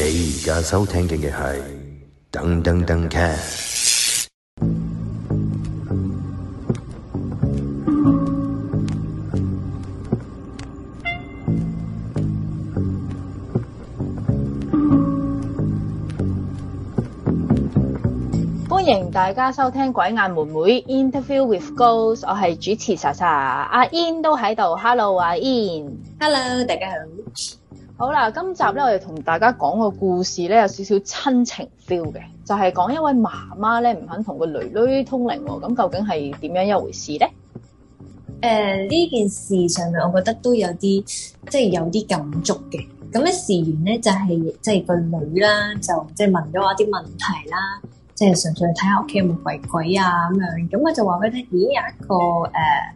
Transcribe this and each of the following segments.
你而家收聽嘅係《噔噔噔 K》，歡迎大家收聽《鬼眼妹妹 Interview with Ghost》，我係主持莎莎，阿煙都喺度，Hello 阿煙，Hello 大家好。好啦，今集咧我哋同大家講個故事咧，有少少親情 feel 嘅，就係、是、講一位媽媽咧唔肯同個囡囡通靈喎，咁、嗯、究竟係點樣一回事咧？誒、呃，呢件事上面我覺得都有啲，即係有啲感觸嘅。咁咧事緣咧就係、是，即係個囡啦，就即係問咗我啲問題啦，即係純粹睇下屋企有冇鬼鬼啊咁樣，咁我就話俾你聽，咦、哎、有一個誒。呃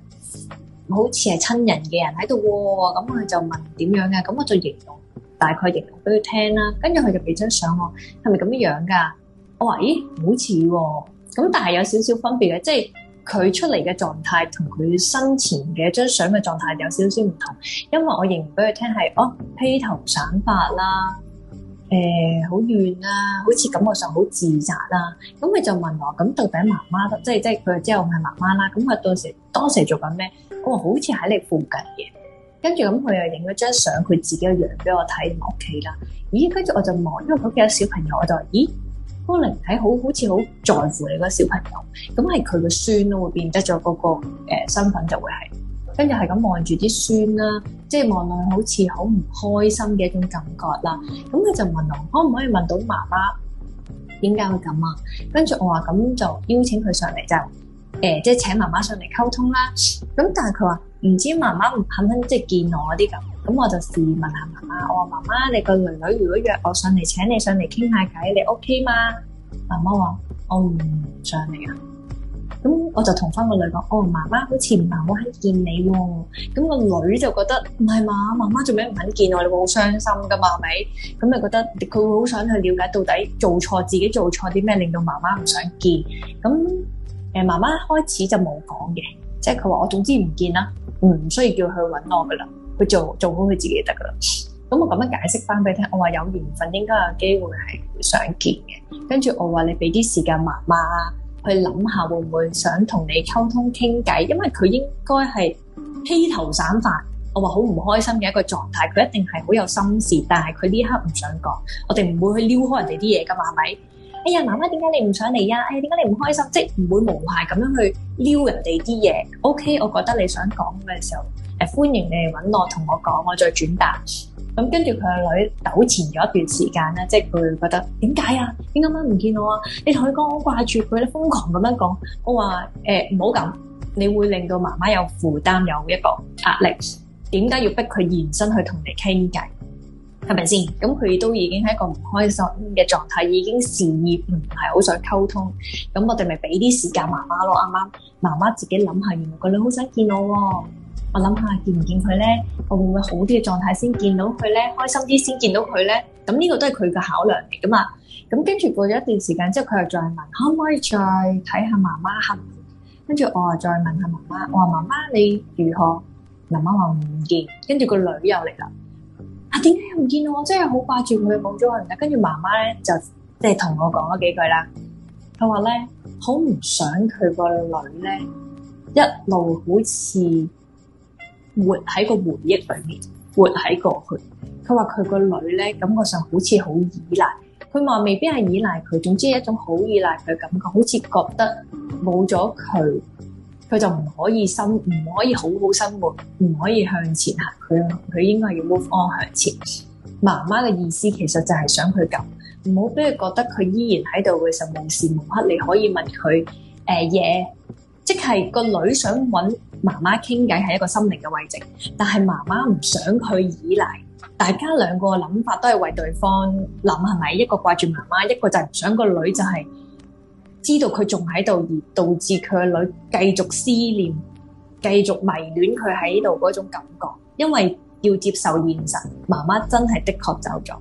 好似係親人嘅人喺度，咁、哦、佢就問點樣嘅，咁我就形容大概形容俾佢聽啦。跟住佢就俾張相我，係咪咁樣樣噶？我、哦、話咦，好似喎，哦，咁但係有少少分別嘅，即係佢出嚟嘅狀態同佢生前嘅張相嘅狀態有少少唔同，因為我形容俾佢聽係，哦披頭散髮啦，誒好亂啦，好似感覺上好自責啦。咁佢就問我，咁到底媽媽即係即係佢之後係媽媽啦，咁佢到時當時做緊咩？我、哦、好似喺你附近嘅，跟住咁佢又影咗張相佢自己嘅樣俾我睇，同屋企啦。咦？跟住我就望，因為佢有小朋友，我就話：咦，嗰個靈體好好似好在乎你嗰個小朋友。咁係佢嘅孫咯，會變得咗嗰個、呃、身份就會係。跟住係咁望住啲孫啦，即係望落好似好唔開心嘅一種感覺啦。咁佢就問我：可唔可以問到媽媽點解會咁啊？跟住我話：咁就邀請佢上嚟就。誒、呃，即係請媽媽上嚟溝通啦。咁但係佢話唔知媽媽肯唔肯即係見我啲咁。咁我就試問下媽媽，我話媽媽，你個女女如果約我上嚟，請你上嚟傾下偈，你 OK 嗎？媽媽話我唔上嚟啊。咁我就同翻個女講，哦，媽媽、啊哦、好似唔係好肯見你、啊。咁個女就覺得唔係嘛，媽媽做咩唔肯見我？你會好傷心噶嘛？係咪？咁就覺得佢會好想去了解到底做錯自己做錯啲咩，令到媽媽唔想見。咁誒，媽媽開始就冇講嘅，即係佢話我總之唔見啦，唔需要叫佢揾我噶啦，佢做做好佢自己就得噶啦。咁我咁樣解釋翻俾你聽，我話有緣分應該有機會係想見嘅。跟住我話你俾啲時間媽媽去諗下會唔會想同你溝通傾偈，因為佢應該係披頭散髮，我話好唔開心嘅一個狀態，佢一定係好有心事，但係佢呢刻唔想講，我哋唔會去撩開人哋啲嘢噶嘛，係咪？哎呀，媽媽點解你唔想嚟啊？哎呀，點解你唔開心？即係唔會無限咁樣去撩人哋啲嘢。OK，我覺得你想講嘅時候，誒、呃、歡迎你揾我同我講，我再轉達。咁跟住佢個女糾纏咗一段時間咧，即係佢會覺得點解啊？點解媽唔見我啊？你同佢講我掛住佢咧，瘋狂咁樣講。我話誒，唔好咁，你會令到媽媽有負擔有一個壓力。點解要逼佢現身去同你傾偈？係咪先？咁佢都已經係一個唔開心嘅狀態，已經事業唔係好想溝通。咁我哋咪俾啲時間媽媽咯，啱啱媽媽自己諗下，原來個女好想見我喎。我諗下見唔見佢咧，我會唔會好啲嘅狀態先見到佢咧，開心啲先見到佢咧？咁呢個都係佢嘅考量嚟噶嘛？咁跟住過咗一段時間之後，佢又再問可唔可以再睇下媽媽吓？跟住我又再問下媽媽，我話媽媽你如何？媽媽話唔見，跟住個女又嚟啦。啊！點解又唔見到我？我真係好掛住佢，冇咗佢唔得。跟住媽媽咧，就即係同我講咗幾句啦。佢話咧，好唔想佢個女咧，一路好似活喺個回憶裡面，活喺過去。佢話佢個女咧，感覺上好似好依賴。佢話未必係依賴佢，總之係一種好依賴佢嘅感覺，好似覺得冇咗佢。佢就唔可以生，唔可以好好生活，唔可以向前行。佢，佢應該要 move on 向前。媽媽嘅意思其實就係想佢咁，唔好俾佢覺得佢依然喺度嘅時候，無時無刻你可以問佢誒嘢，呃、yeah, 即係個女想揾媽媽傾偈係一個心靈嘅慰藉，但係媽媽唔想佢依賴。大家兩個諗法都係為對方諗，係咪？一個掛住媽媽，一個就唔想個女就係、係。知道佢仲喺度，而導致佢女繼續思念，繼續迷戀佢喺度嗰種感覺，因為要接受現實，媽媽真係的確走咗。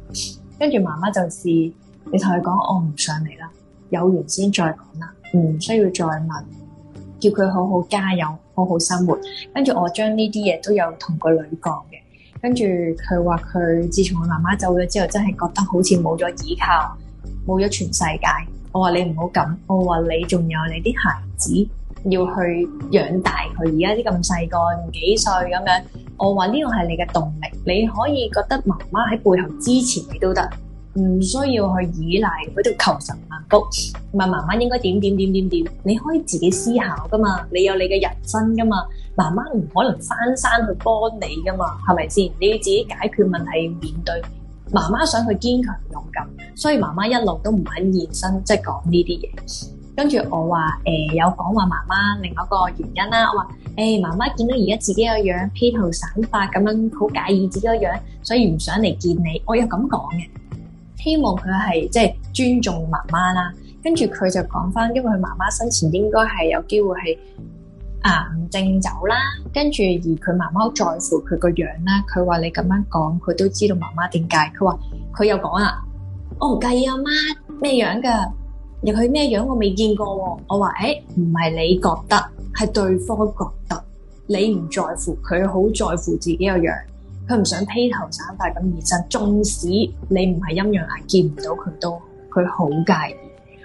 跟住媽媽就試、是，你同佢講，我唔上嚟啦，有緣先再講啦，唔、嗯、需要再問，叫佢好好加油，好好生活。跟住我將呢啲嘢都有同個女講嘅。跟住佢話，佢自從我媽媽走咗之後真係覺得好似冇咗依靠，冇咗全世界。我話你唔好咁，我話你仲有你啲孩子要去養大佢，而家啲咁細個幾歲咁樣，我話呢個係你嘅動力，你可以覺得媽媽喺背後支持你都得，唔需要去依賴去到求神問卜，唔係媽媽應該點點點點點，你可以自己思考噶嘛，你有你嘅人生噶嘛，媽媽唔可能翻山去幫你噶嘛，係咪先？你要自己解決問題，面對。媽媽想佢堅強勇敢，所以媽媽一路都唔肯現身，即係講呢啲嘢。跟住我話誒、呃、有講話媽媽另外一個原因啦，我話誒媽媽見到而家自己個樣披頭散髮咁樣，好介意自己個樣，所以唔想嚟見你。我又咁講嘅，希望佢係即係尊重媽媽啦。跟住佢就講返，因為佢媽媽生前應該係有機會係。啊，唔正走啦，跟住而佢媽媽在乎佢個樣啦，佢話你咁樣講，佢都知道媽媽點解，佢話佢又講啦、哦啊啊，我唔介意阿媽咩樣噶，入佢咩樣我未見過，我話誒，唔係你覺得，係對方覺得你唔在乎，佢好在乎自己個樣，佢唔想披頭散髮咁，而實縱使你唔係陰陽眼見唔到佢都，佢好介意，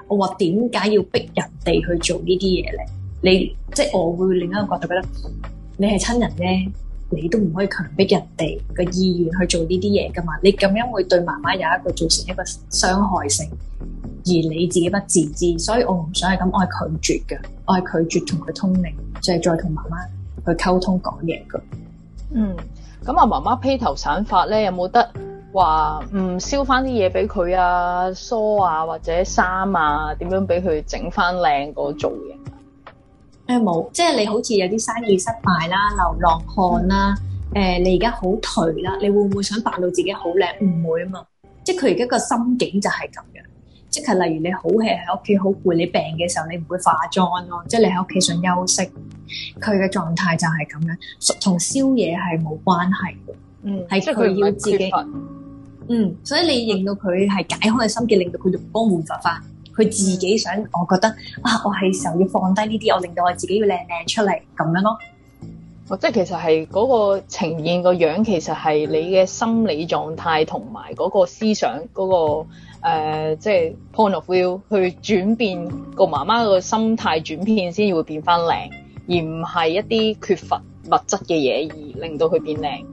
我話點解要逼人哋去做呢啲嘢咧？你即係我，會另一個角度覺得你係親人咧，你都唔可以強迫人哋個意願去做呢啲嘢噶嘛。你咁樣會對媽媽有一個造成一個傷害性，而你自己不自知，所以我唔想係咁，我係拒絕噶，我係拒絕同佢通靈，就係再同媽媽去溝通講嘢噶。嗯，咁啊，媽媽披頭散髮咧，有冇得話唔燒翻啲嘢俾佢啊，梳啊，或者衫啊，點樣俾佢整翻靚個造型？誒，冇，即係你好似有啲生意失敗啦，流浪漢啦，誒、嗯呃，你而家好頹啦，你會唔會想扮到自己好靚？唔會啊嘛，即係佢而家個心境就係咁樣，即係例如你好 hea 喺屋企，好攰，你病嘅時候你唔會化妝咯，嗯、即係你喺屋企想休息，佢嘅狀態就係咁樣，同宵夜係冇關係嘅，嗯，係佢要自己，嗯，所以你令到佢係解開佢心境，嗯嗯、令到佢容光煥發翻。佢自己想，我覺得啊，我係時候要放低呢啲，我令到我自己要靚靚出嚟咁樣咯。哦，即係其實係嗰個呈現個樣，其實係你嘅心理狀態同埋嗰個思想嗰、嗰個、呃、即係 point of view 去轉變個媽媽個心態轉變，先會變翻靚，而唔係一啲缺乏物質嘅嘢而令到佢變靚。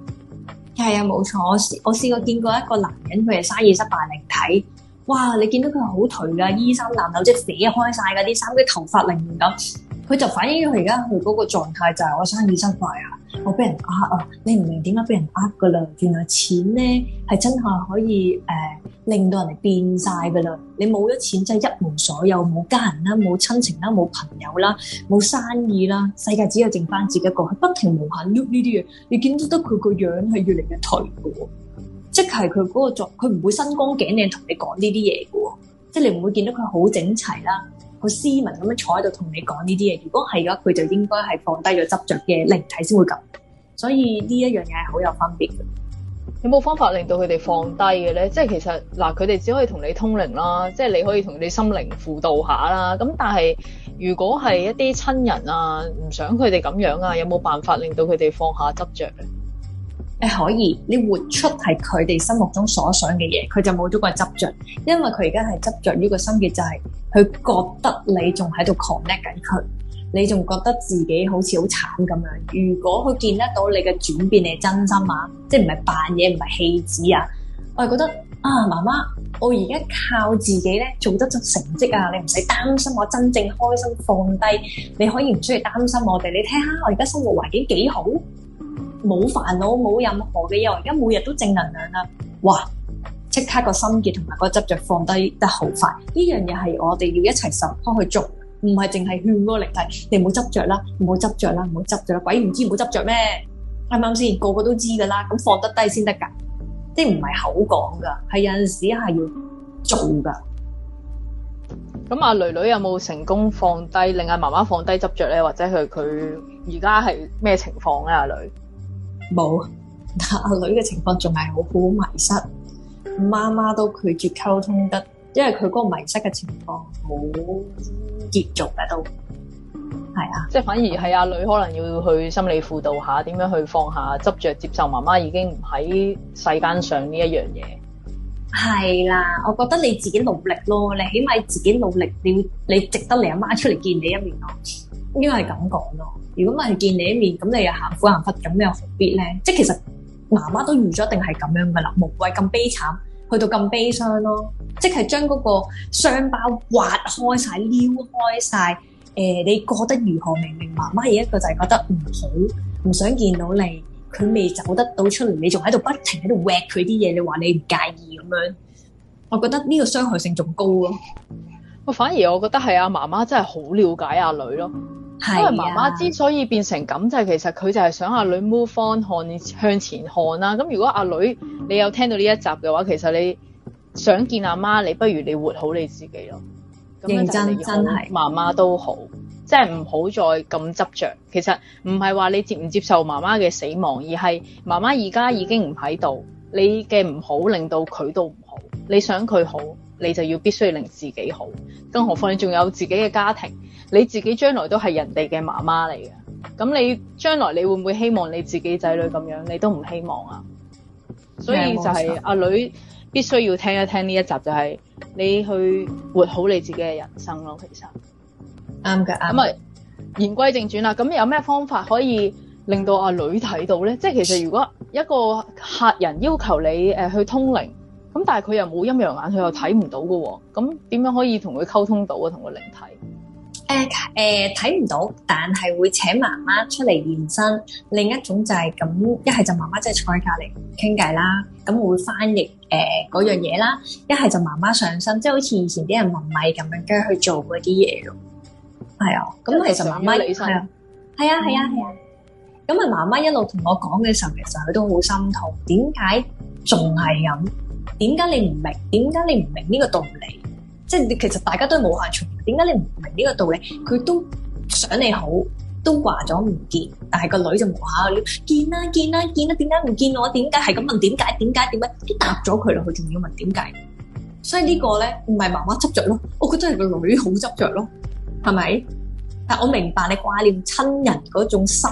係啊，冇錯，我試我試過見過一個男人，佢係生意失敗嚟睇。哇！你見到佢好頹噶，衣衫襤褸即扯開晒噶啲衫，啲頭髮凌亂咁，佢就反映咗而家佢嗰個狀態就係我生意失敗啊，我俾人呃啊，你唔明點解俾人呃噶啦？原來錢咧係真係可以誒、呃、令到人哋變晒噶啦！你冇咗錢真係、就是、一無所有，冇家人啦，冇親情啦，冇朋友啦，冇生意啦，世界只有剩翻自己一個，不停無限碌呢啲嘢，你見到得佢個樣係越嚟越頹嘅。即係佢嗰個作，佢唔會身光頸靚同你講呢啲嘢嘅，即係你唔會見到佢好整齊啦，好斯文咁樣坐喺度同你講呢啲嘢。如果係嘅話，佢就應該係放低咗執着嘅靈體先會咁。所以呢一樣嘢係好有分別嘅。有冇方法令到佢哋放低嘅咧？即係其實嗱，佢哋只可以同你通靈啦，即係你可以同你心靈輔導下啦。咁但係如果係一啲親人啊，唔想佢哋咁樣啊，有冇辦法令到佢哋放下執着咧？係可以，你活出係佢哋心目中所想嘅嘢，佢就冇咗個執着。因為佢而家係執着於個心結就係，佢覺得你仲喺度 connect 緊佢，你仲覺得自己好似好慘咁樣。如果佢見得到你嘅轉變，你真心啊，即係唔係扮嘢，唔係戲子啊，我係覺得啊，媽媽，我而家靠自己咧，做得咗成績啊，你唔使擔心我真正開心放低，你可以唔需要擔心我哋，你睇下我而家生活環境幾好。冇煩惱，冇任何嘅嘢。我而家每日都正能量啦，哇！即刻個心結同埋個執着放低得好快。呢樣嘢係我哋要一齊受去，幫佢做，唔係淨係勸個靈體，你唔好執着啦，唔好執着啦，唔好執著啦。鬼唔知唔好執着咩？啱唔啱先？個個都知噶啦，咁放得低先得㗎。即唔係口講㗎，係有陣時係要做㗎。咁阿囡囡有冇成功放低，令阿媽媽放低執着咧？或者佢佢而家係咩情況咧？阿囡？冇，但阿女嘅情況仲係好好迷失，媽媽都拒絕溝通得，因為佢嗰個迷失嘅情況好嚴重嘅都，係啊，即係反而係阿女可能要去心理輔導下，點樣去放下執着，接受媽媽已經唔喺世間上呢一樣嘢。係啦，我覺得你自己努力咯，你起碼自己努力，你你值得你阿媽出嚟見你一面咯。應該係咁講咯。如果咪係見你一面，咁你又含苦含屈咁，又何必咧？即係其實媽媽都預咗，一定係咁樣噶啦，無謂咁悲慘，去到咁悲傷咯。即係將嗰個傷疤挖開晒、撩開晒。誒，你覺得如何？明明媽媽係一個就係覺得唔好，唔想見到你，佢未走得到出嚟，你仲喺度不停喺度挖佢啲嘢，你話你唔介意咁樣？我覺得呢個傷害性仲高咯。反而我覺得係阿媽媽真係好了解阿女咯，因為媽媽之所以變成咁，就係是、啊、其實佢就係想阿女 move on 看向前看啦、啊。咁如果阿女你有聽到呢一集嘅話，其實你想見阿媽，你不如你活好你自己咯。認真真係，媽媽都好，即係唔好再咁執着。其實唔係話你接唔接受媽媽嘅死亡，而係媽媽而家已經唔喺度，你嘅唔好令到佢都唔好。你想佢好。你就要必須令自己好，更何況你仲有自己嘅家庭，你自己將來都係人哋嘅媽媽嚟嘅。咁你將來，你會唔會希望你自己仔女咁樣？你都唔希望啊！所以就係、是、阿女必須要聽一聽呢一集、就是，就係你去活好你自己嘅人生咯。其實啱嘅，啱咪言歸正傳啦。咁有咩方法可以令到阿女睇到咧？即係其實如果一個客人要求你誒、呃、去通靈。咁但係佢又冇陰陽眼，佢又睇唔到噶喎。咁點樣可以同佢溝通到啊？同個靈體？誒誒，睇唔到，但係會請媽媽出嚟現身。另一種就係咁，一係就媽媽即係坐喺隔籬傾偈啦。咁會翻譯誒嗰樣嘢啦。一係就媽媽上身，即係好似以前啲人問米咁樣，跟住去做嗰啲嘢咯。係啊，咁其實媽媽係啊，係啊，係啊。咁啊，媽媽、啊啊啊啊、一路同我講嘅時候，其實佢都好心痛。點解仲係咁？點解你唔明？點解你唔明呢個道理？即係其實大家都無限傳。點解你唔明呢個道理？佢都想你好，都話咗唔見，但係個女就掛念，見啦見啦見啦，點解唔見我？點解係咁問？點解？點解？點解？都答咗佢咯，佢仲要問點解？所以呢個咧唔係媽媽執着咯，我覺得係個女好執着咯，係咪？但係我明白你掛念親人嗰種心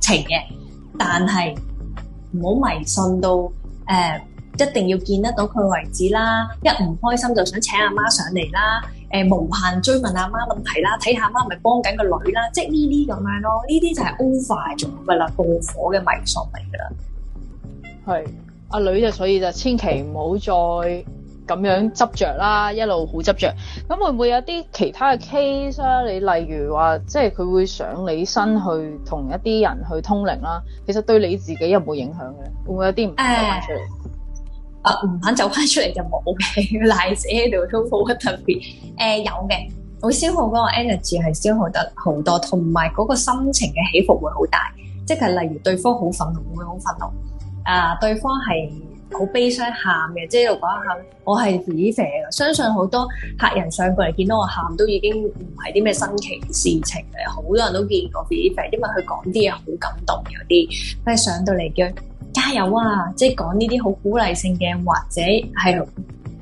情嘅，但係唔好迷信到誒。一定要見得到佢為止啦。一唔開心就想請阿媽上嚟啦。誒、呃、無限追問阿媽問題啦，睇下媽咪幫緊個女啦，即呢啲咁樣咯。呢啲就係 over 咗咪啦，過火嘅迷信嚟噶啦。係阿女就所以就千祈唔好再咁樣執着啦。一路好執着。咁會唔會有啲其他嘅 case 啦、啊？你例如話即係佢會上你身去同一啲人去通靈啦。其實對你自己有冇影響嘅咧？會唔會有啲唔同嘅出嚟？哎啊，唔肯走翻出嚟就冇嘅， 賴死喺度都好特別。誒、呃、有嘅，會消耗嗰個 energy 係消耗得好多，同埋嗰個心情嘅起伏會好大。即係例如對方好憤怒，會好憤怒。啊、呃，對方係好悲傷喊嘅，即係喺度講下。我係肥肥嘅，相信好多客人上過嚟見到我喊，都已經唔係啲咩新奇事情嚟。好多人都見過肥肥，因為佢講啲嘢好感動有啲。佢係上到嚟嘅。加油啊！即係講呢啲好鼓勵性嘅，或者係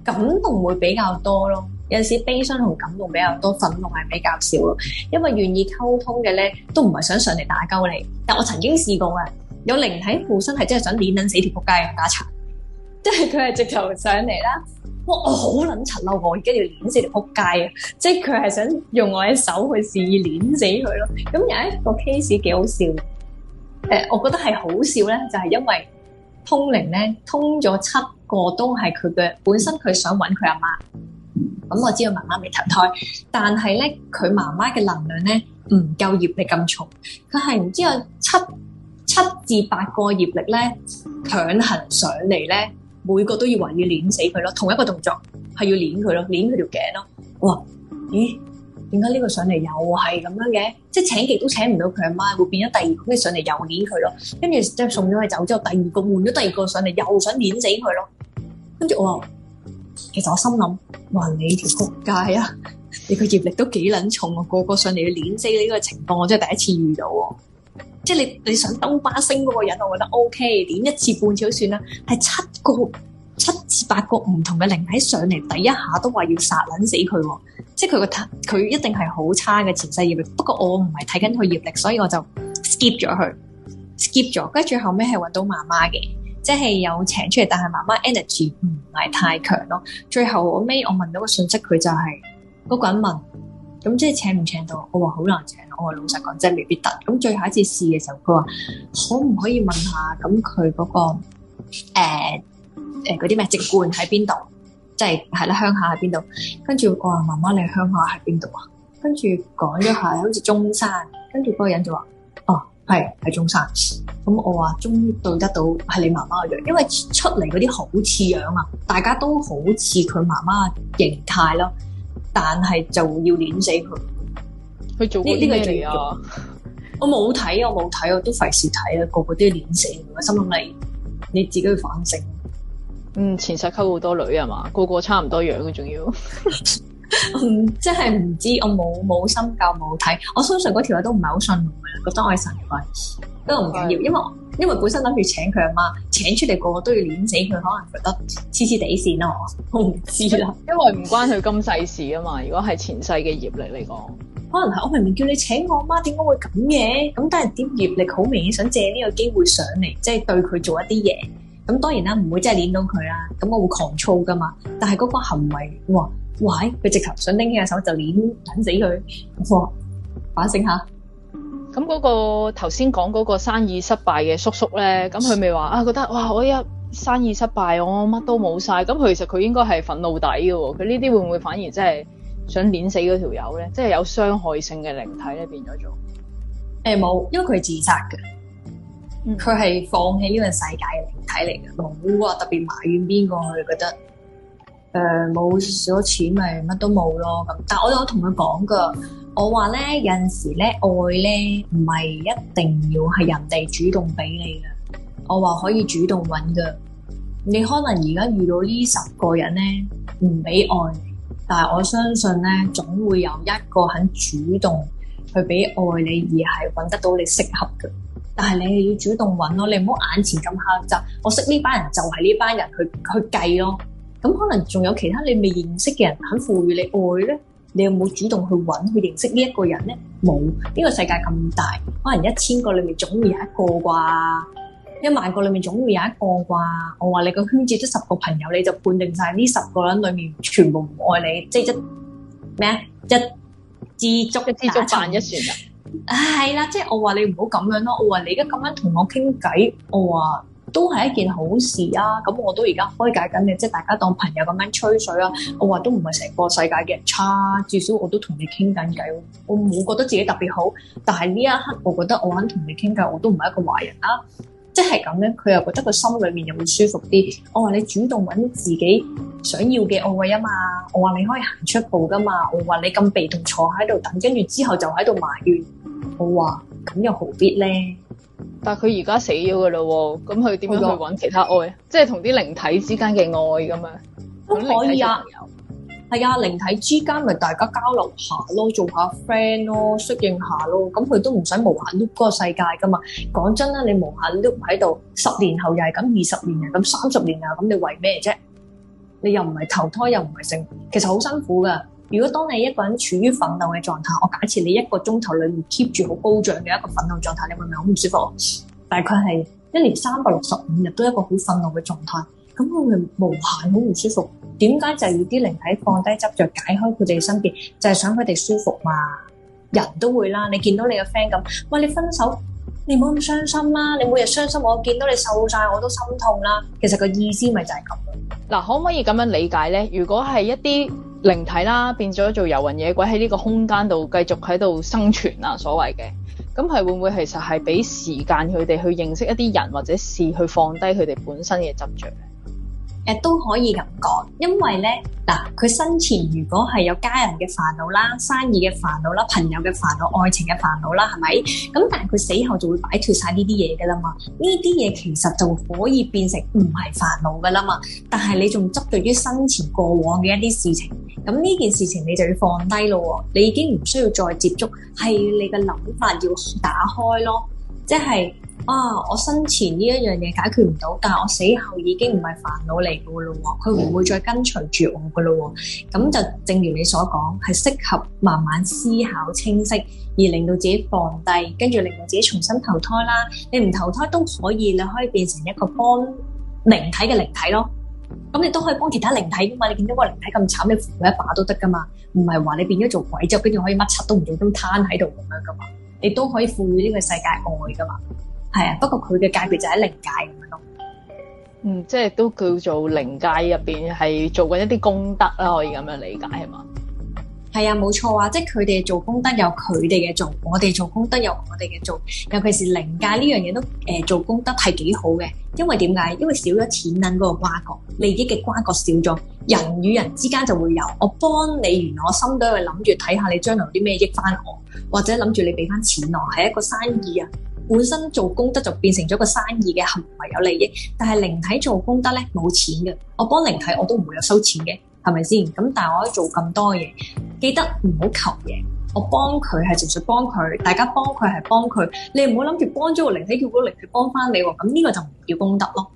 感動會比較多咯。有陣時悲傷同感動比較多，憤怒係比較少咯。因為願意溝通嘅咧，都唔係想上嚟打鳩你。但我曾經試過啊，有靈體附身係真係想捻捻死條撲街啊！打賊，即係佢係直頭上嚟啦。哇！我好撚柒嬲，我而家要捻死條撲街啊！即係佢係想用我嘅手去試捻死佢咯。咁有一個 case 幾好笑。誒、呃，我覺得係好笑咧，就係、是、因為通靈咧通咗七個都係佢嘅，本身佢想揾佢阿媽，咁、嗯、我知道媽媽未投胎，但係咧佢媽媽嘅能量咧唔夠業力咁重，佢係唔知有七七至八個業力咧強行上嚟咧，每個都以為要話要碾死佢咯，同一個動作係要碾佢咯，碾佢條頸咯，哇咦！點解呢個上嚟又係咁樣嘅？即係請極都請唔到佢阿媽，會變咗第二個上嚟又碾佢咯。跟住即係送咗佢走之後，第二個換咗第二個上嚟又想碾死佢咯。跟住我話，其實我心諗，哇！你條撲街啊！你個業力都幾撚重啊！個個上嚟要碾死你呢、這個情況，我真係第一次遇到、啊。即係你你想兜巴星嗰個人，我覺得 OK，碾一次半次都算啦。係七個七至八個唔同嘅靈體上嚟，第一下都話要殺撚死佢喎、啊。即係佢個佢一定係好差嘅前世業力，不過我唔係睇緊佢業力，所以我就 sk skip 咗佢，skip 咗，跟住後尾係揾到媽媽嘅，即係有請出嚟，但係媽媽 energy 唔係太強咯。最後，最後我尾我問到個訊息，佢就係嗰個人問，咁即係請唔請到？我話好難請，我話老實講真未必得。咁最後一次試嘅時候，佢話可唔可以問下咁佢嗰個誒誒嗰啲咩籍貫喺邊度？即係係啦，鄉下喺邊度？跟住我話媽媽，你鄉下喺邊度啊？跟住講咗下， 好似中山，跟住嗰個人就話：哦，係喺中山。咁我話終於對得到係你媽媽嘅樣，因為出嚟嗰啲好似樣啊，大家都好似佢媽媽嘅形態咯，但係就要碾死佢。佢做過咩嘢啊？我冇睇，我冇睇，我都費事睇啦，個個都要碾死，我心諗，你你自己要反省。嗯，前世溝好多女啊嘛，個個差唔多樣嘅，仲要，嗯，即係唔知，我冇冇心教冇睇，我相信嗰條友都唔係好信我，覺得我係神棍，都唔緊要，的因為因為本身諗住請佢阿媽，請出嚟個個都要攣死佢，可能覺得黐黐地線囉，我唔知啦， 因為唔關佢今世事啊嘛，如果係前世嘅業力嚟講， 可能係我明明叫你請我阿媽，點解會咁嘅？咁但係啲業力好明顯想借呢個機會上嚟，即係對佢做一啲嘢。咁當然啦，唔會真係捏到佢啦。咁我會狂躁㗎嘛。但係嗰個行為，哇，喂，佢直頭想拎起隻手就捏緊死佢。哇，反省下。咁嗰個頭先講嗰個生意失敗嘅叔叔咧，咁佢咪話啊，覺得哇，我一生意失敗，我乜都冇晒。」咁其實佢應該係憤怒底嘅喎。佢呢啲會唔會反而真係想捏死嗰條友咧？即係有傷害性嘅靈體咧變咗做？誒冇，因為佢係自殺嘅。佢係、嗯、放棄呢個世界嘅靈體嚟嘅，冇、哦、啊，特別埋怨邊個，佢覺得誒冇、呃、少錢咪乜都冇咯。但係我有同佢講噶，我話咧有陣時咧愛咧唔係一定要係人哋主動俾你嘅。我話可以主動搵噶。你可能而家遇到呢十個人咧唔俾愛，但係我相信咧總會有一個肯主動去俾愛你，而係搵得到你適合嘅。但係你又要主動揾咯，你唔好眼前咁黑就，我識呢班人就係呢班人去去計咯。咁可能仲有其他你未認識嘅人肯賦予你愛咧，你有冇主動去揾去認識呢一個人咧？冇，呢個世界咁大，可能一千個裏面總會有一個啩，一萬個裏面總會有一個啩。我話你個圈子得十個朋友，你就判定晒呢十個人裏面全部唔愛你，即係一咩啊？一竹篙，一竹篙打一船人。係啦、啊，即係我話你唔好咁樣咯。我話你而家咁樣同我傾偈，我話都係一件好事啊。咁我都而家開解緊你，即係大家當朋友咁樣吹水啦、啊。我話都唔係成個世界嘅人差，至少我都同你傾緊偈。我冇覺得自己特別好，但係呢一刻我覺得我肯同你傾偈，我都唔係一個壞人啦、啊。即係咁咧，佢又覺得個心裏面又會舒服啲。我話你主動揾自己想要嘅愛啊嘛，我話你可以行出步噶嘛，我話你咁被動坐喺度等，跟住之後就喺度埋怨。我話咁又何必咧？但係佢而家死咗噶啦，咁佢點樣去揾其他愛？即係同啲靈體之間嘅愛咁啊，都可以啊。係啊，靈體之間咪大家交流下咯，做下 friend 咯，適應下咯，咁佢都唔使無限 loop 嗰個世界噶嘛。講真啦，你無限 loop 喺度，十年後又係咁，二十年又咁，三十年啊咁，你為咩啫？你又唔係投胎，又唔係性，其實好辛苦噶。如果當你一個人處於憤怒嘅狀態，我假設你一個鐘頭裏面 keep 住好高漲嘅一個憤怒狀態，你會唔會好唔舒服？大概係一年三百六十五日都一個好憤怒嘅狀態。咁佢會無限好唔舒服，點解就要啲靈體放低執着，解開佢哋心結，就係想佢哋舒服嘛？人都會啦，你見到你嘅 friend 咁，哇！你分手，你冇咁傷心啦，你每日傷心我，我見到你瘦晒，我都心痛啦。其實個意思咪就係咁。嗱，可唔可以咁樣理解呢？如果係一啲靈體啦，變咗做遊魂野鬼喺呢個空間度繼續喺度生存啊，所謂嘅，咁係會唔會其實係俾時間佢哋去認識一啲人或者事，去放低佢哋本身嘅執着？誒都可以咁講，因為咧嗱，佢生前如果係有家人嘅煩惱啦、生意嘅煩惱啦、朋友嘅煩惱、愛情嘅煩惱啦，係咪？咁但係佢死後就會擺脱晒呢啲嘢噶啦嘛，呢啲嘢其實就可以變成唔係煩惱噶啦嘛。但係你仲執著對於生前過往嘅一啲事情，咁呢件事情你就要放低咯。你已經唔需要再接觸，係你嘅諗法要打開咯，即係。啊！我生前呢一樣嘢解決唔到，但係我死後已經唔係煩惱嚟㗎咯喎，佢唔會再跟隨住我㗎咯喎。咁就正如你所講，係適合慢慢思考清晰，而令到自己放低，跟住令到自己重新投胎啦。你唔投胎都可以，你可以變成一個幫靈體嘅靈體咯。咁你都可以幫其他靈體㗎嘛？你見到個靈體咁慘，你扶佢一把都得㗎嘛？唔係話你變咗做鬼之後，跟住可以乜柒都唔做，都攤喺度咁樣㗎嘛？你都可以賦予呢個世界愛㗎嘛？係啊，不過佢嘅界別就喺靈界咁樣咯。嗯，即係都叫做靈界入邊係做緊一啲功德啦，可以咁樣理解係嘛？係啊，冇錯啊，即係佢哋做功德有佢哋嘅做，我哋做功德有我哋嘅做。尤其是靈界呢樣嘢都誒、呃、做功德係幾好嘅，因為點解？因為少咗錢銀嗰個瓜葛，利益嘅瓜葛少咗，人與人之間就會有我幫你原來，我心都係諗住睇下你將來有啲咩益翻我，或者諗住你俾翻錢我，係一個生意啊。本身做功德就變成咗個生意嘅行為，有利益，但係靈體做功德咧，冇錢嘅，我幫靈體我都唔會有收錢嘅，係咪先？咁但係我做咁多嘢，記得唔好求嘢。我幫佢係純粹幫佢，大家幫佢係幫佢，你唔好諗住幫咗個靈體叫個靈體幫翻你喎。咁呢個就唔叫功德咯。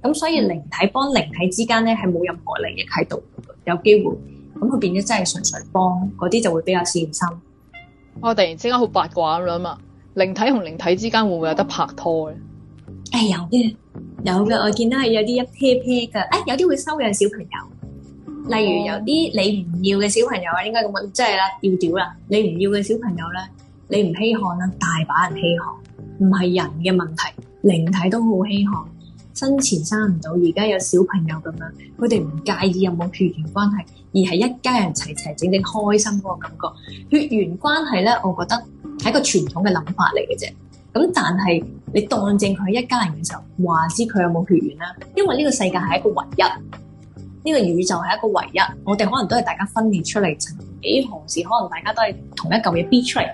咁所以靈體幫靈體之間咧係冇任何利益喺度，有機會，咁佢變咗真係純粹幫嗰啲就會比較善心。我突然之間好八卦咁樣嘛～靈體同靈體之間會唔會有得拍拖咧？誒、哎，有嘅，有嘅，我見到係有啲一撇撇嘅。誒、哎，有啲會收養小朋友，例如有啲你唔要嘅小朋友啊，應該咁講，即係啦，要屌啦，你唔要嘅小朋友咧，你唔稀罕啦，大把人稀罕，唔係人嘅問題，靈體都好稀罕，生前生唔到，而家有小朋友咁樣，佢哋唔介意有冇血緣關係，而係一家人齊齊整整開心嗰個感覺，血緣關係咧，我覺得。一個傳統嘅諗法嚟嘅啫，咁但係你當正佢一家人嘅時候，話知佢有冇血緣啦。因為呢個世界係一個唯一，呢個宇宙係一個唯一。我哋可能都係大家分裂出嚟，曾幾何時可能大家都係同一嚿嘢逼出嚟。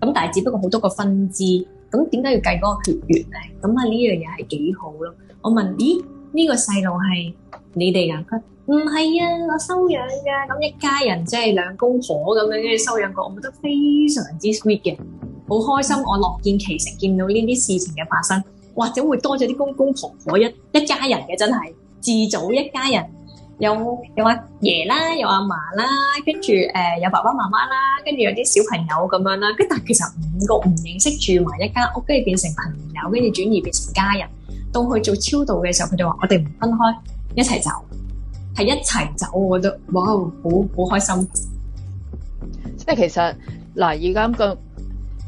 咁但係只不過好多個分支，咁點解要計嗰個血緣咧？咁啊呢樣嘢係幾好咯。我問咦，呢個細路係你哋啊？唔係啊，我收養嘅、啊、咁一家人即係兩公婆咁樣跟住收養過，我覺得非常之 sweet 嘅，好開心。我樂見其成，見到呢啲事情嘅發生，或者會多咗啲公公婆婆一一家人嘅真係自組一家人，有有阿爺啦，有阿嫲啦，跟住誒有爸爸媽媽啦，跟住有啲小朋友咁樣啦。跟但其實五個唔認識住埋一間屋，跟住變成朋友，跟住轉移變成家人，到去做超度嘅時候，佢哋話我哋唔分開，一齊走。係一齊走，我覺得哇，好好開心。即係其實嗱，而家個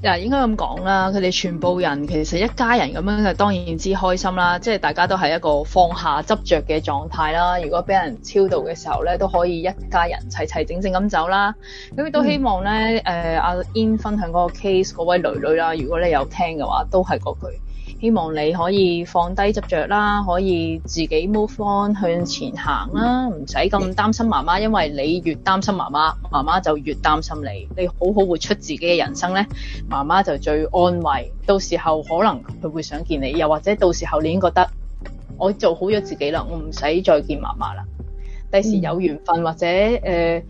嗱，應該咁講啦，佢哋全部人其實一家人咁樣，就當然之開心啦。即係大家都係一個放下執着嘅狀態啦。如果俾人超度嘅時候咧，都可以一家人齊齊整整咁走啦。咁亦都希望咧，誒、嗯、阿、呃、In 分享嗰個 case 嗰位女女啦，如果你有聽嘅話，都係嗰句。希望你可以放低執着啦，可以自己 move on 向前行啦，唔使咁擔心媽媽，因為你越擔心媽媽，媽媽就越擔心你。你好好活出自己嘅人生咧，媽媽就最安慰。到時候可能佢會想見你，又或者到時候你已經覺得我做好咗自己啦，我唔使再見媽媽啦。第時有緣分、嗯、或者誒又、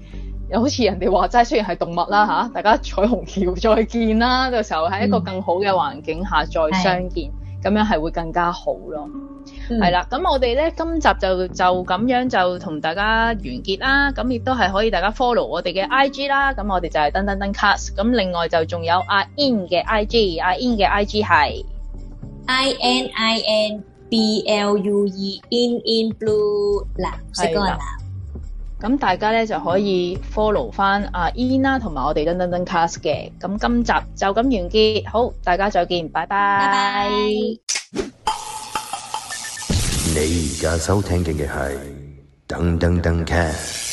呃、好似人哋話齋雖然係動物啦吓，大家彩虹橋再見啦，到時候喺一個更好嘅環境下再相見。嗯咁樣係會更加好咯，係啦，咁我哋呢今集就就咁樣就同大家完結啦，咁亦都係可以大家 follow 我哋嘅 IG 啦，咁我哋就係登登登 cast，咁另外就仲有阿 in 嘅 IG，阿 in 嘅 IG 係 in in blue in in blue 啦，識嗰個啊？咁大家咧就可以 follow 翻阿 Ena 同埋我哋噔噔噔 cast 嘅，咁今集就咁完結，好，大家再見，拜拜。拜拜，你而家收聽緊嘅係噔噔噔 cast。